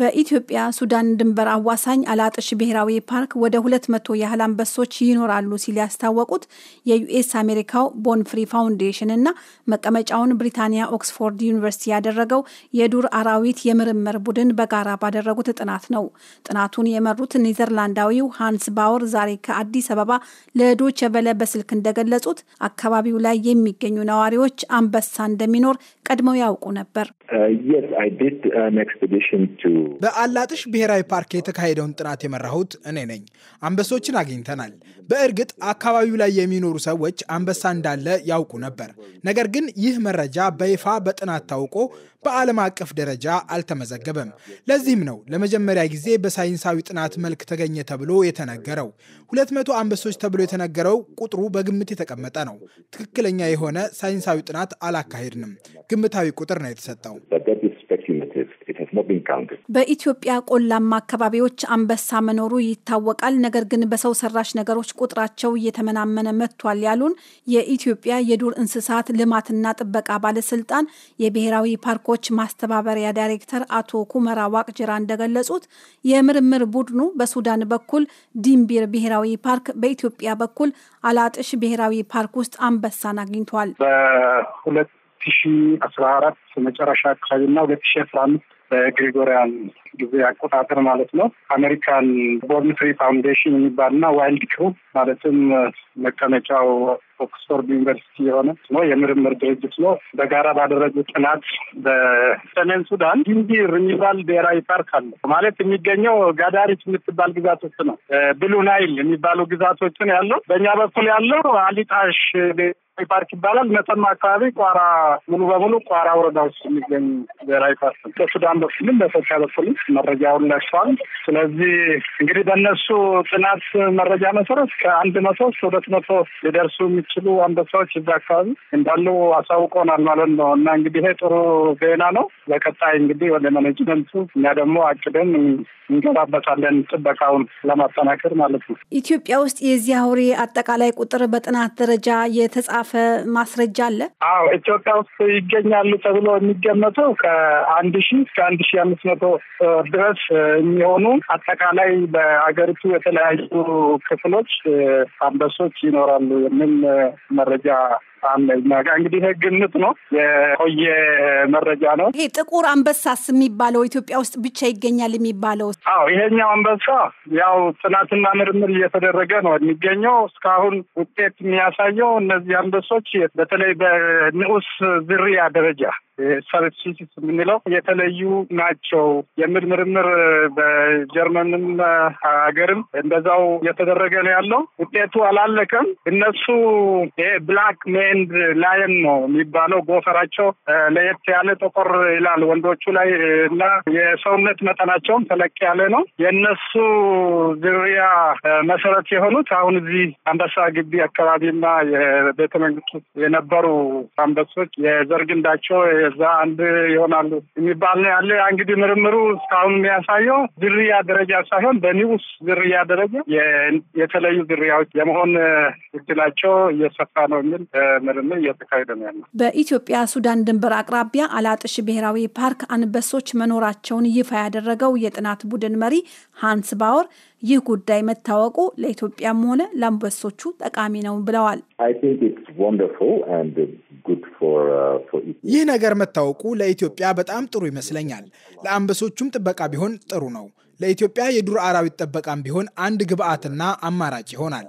በኢትዮጵያ ሱዳን ድንበር አዋሳኝ አላጥሽ ብሔራዊ ፓርክ ወደ ሁለት መቶ ያህል አንበሶች ይኖራሉ ሲል ያስታወቁት የዩኤስ አሜሪካው ቦንፍሪ ፋውንዴሽን እና መቀመጫውን ብሪታንያ ኦክስፎርድ ዩኒቨርሲቲ ያደረገው የዱር አራዊት የምርምር ቡድን በጋራ ባደረጉት ጥናት ነው። ጥናቱን የመሩት ኔዘርላንዳዊው ሃንስ ባወር ዛሬ ከአዲስ አበባ ለዶይቼ ቬለ በስልክ እንደገለጹት አካባቢው ላይ የሚገኙ ነዋሪዎች አንበሳ እንደሚኖር ቀድመው ያውቁ ነበር። uh, በአላጥሽ ብሔራዊ ፓርክ የተካሄደውን ጥናት የመራሁት እኔ ነኝ። አንበሶችን አግኝተናል። በእርግጥ አካባቢው ላይ የሚኖሩ ሰዎች አንበሳ እንዳለ ያውቁ ነበር። ነገር ግን ይህ መረጃ በይፋ በጥናት ታውቆ በዓለም አቀፍ ደረጃ አልተመዘገበም። ለዚህም ነው ለመጀመሪያ ጊዜ በሳይንሳዊ ጥናት መልክ ተገኘ ተብሎ የተነገረው። 200 አንበሶች ተብሎ የተነገረው ቁጥሩ በግምት የተቀመጠ ነው። ትክክለኛ የሆነ ሳይንሳዊ ጥናት አላካሄድንም። ግምታዊ ቁጥር ነው የተሰጠው። በኢትዮጵያ ቆላማ አካባቢዎች አንበሳ መኖሩ ይታወቃል። ነገር ግን በሰው ሰራሽ ነገሮች ቁጥራቸው እየተመናመነ መጥቷል ያሉን የኢትዮጵያ የዱር እንስሳት ልማትና ጥበቃ ባለስልጣን የብሔራዊ ፓርኮች ማስተባበሪያ ዳይሬክተር አቶ ኩመራ ዋቅጅራ እንደገለጹት የምርምር ቡድኑ በሱዳን በኩል ዲምቢር ብሔራዊ ፓርክ፣ በኢትዮጵያ በኩል አላጥሽ ብሔራዊ ፓርክ ውስጥ አንበሳን አግኝቷል። በሁለት ሺ አስራ አራት መጨረሻ አካባቢና ሁለት ሺ አስራ አምስት በግሪጎሪያን ጊዜ አቆጣጠር ማለት ነው። አሜሪካን ቦርን ፍሪ ፋውንዴሽን የሚባልና ዋይልድ ክሩ ማለትም መቀመጫው ኦክስፎርድ ዩኒቨርሲቲ የሆነ ነው የምርምር ድርጅት ነው። በጋራ ባደረጉ ጥናት በሰሜን ሱዳን ጊንጂር የሚባል ብሔራዊ ፓርክ አለ ማለት የሚገኘው ጋዳሪች የምትባል ግዛት ውስጥ ነው። ብሉ ናይል የሚባሉ ግዛቶችን ያለው በእኛ በኩል ያለው አሊጣሽ ፓርክ ይባላል። መተማ አካባቢ ቋራ ሙሉ በሙሉ ቋራ ወረዳ ውስጥ የሚገኝ ብሔራዊ ፓርክ በሱዳን በኩልም በኢትዮጵያ በኩልም መረጃውን ለቅሷል። ስለዚህ እንግዲህ በእነሱ ጥናት መረጃ መሰረት ከአንድ መቶ እስከ ሁለት መቶ ሊደርሱ የሚችሉ አንበሳዎች እዛ አካባቢ እንዳሉ አሳውቆናል ማለት ነው እና እንግዲህ ይሄ ጥሩ ዜና ነው። በቀጣይ እንግዲህ ወደ መነጅመንቱ እኛ ደግሞ አቅደን እንገባበታለን ጥበቃውን ለማጠናከር ማለት ነው። ኢትዮጵያ ውስጥ የዚህ አውሬ አጠቃላይ ቁጥር በጥናት ደረጃ የተጻፈ የተጻፈ ማስረጃ አለ? አዎ ኢትዮጵያ ውስጥ ይገኛሉ ተብሎ የሚገመተው ከአንድ ሺ እስከ አንድ ሺ አምስት መቶ ድረስ የሚሆኑ አጠቃላይ በሀገሪቱ የተለያዩ ክፍሎች አንበሶች ይኖራሉ የሚል መረጃ እንግዲህ ህግ ነው የቆየ መረጃ ነው። ይሄ ጥቁር አንበሳስ የሚባለው ኢትዮጵያ ውስጥ ብቻ ይገኛል የሚባለው? አዎ ይሄኛው አንበሳ ያው ጥናትና ምርምር እየተደረገ ነው የሚገኘው። እስካሁን ውጤት የሚያሳየው እነዚህ አንበሶች በተለይ በንዑስ ዝርያ ደረጃ ሰርችሲስ የምንለው የተለዩ ናቸው የሚል ምርምር በጀርመንም ሀገርም እንደዛው እየተደረገ ነው ያለው። ውጤቱ አላለቀም። እነሱ ብላክ ሜንድ ላየን ነው የሚባለው። ጎፈራቸው ለየት ያለ ጠቆር ይላል ወንዶቹ ላይ እና የሰውነት መጠናቸውም ተለቅ ያለ ነው። የእነሱ ዝርያ መሰረት የሆኑት አሁን እዚህ አንበሳ ግቢ አካባቢና የቤተ መንግስት የነበሩ አንበሶች የዘርግንዳቸው ከዛ አንድ ይሆናሉ የሚባል ነው ያለ። እንግዲህ ምርምሩ እስካሁን የሚያሳየው ዝርያ ደረጃ ሳይሆን በኒውስ ዝርያ ደረጃ የተለዩ ዝርያዎች የመሆን እድላቸው እየሰፋ ነው የሚል ምርምር እየተካሄደ ነው ያለ። በኢትዮጵያ ሱዳን ድንበር አቅራቢያ አላጥሽ ብሔራዊ ፓርክ አንበሶች መኖራቸውን ይፋ ያደረገው የጥናት ቡድን መሪ ሃንስ ባወር ይህ ጉዳይ መታወቁ ለኢትዮጵያም ሆነ ለአንበሶቹ ጠቃሚ ነው ብለዋል። uh, ይህ ነገር መታወቁ ለኢትዮጵያ በጣም ጥሩ ይመስለኛል። ለአንበሶቹም ጥበቃ ቢሆን ጥሩ ነው። ለኢትዮጵያ የዱር አራዊት ጥበቃም ቢሆን አንድ ግብአትና አማራጭ ይሆናል።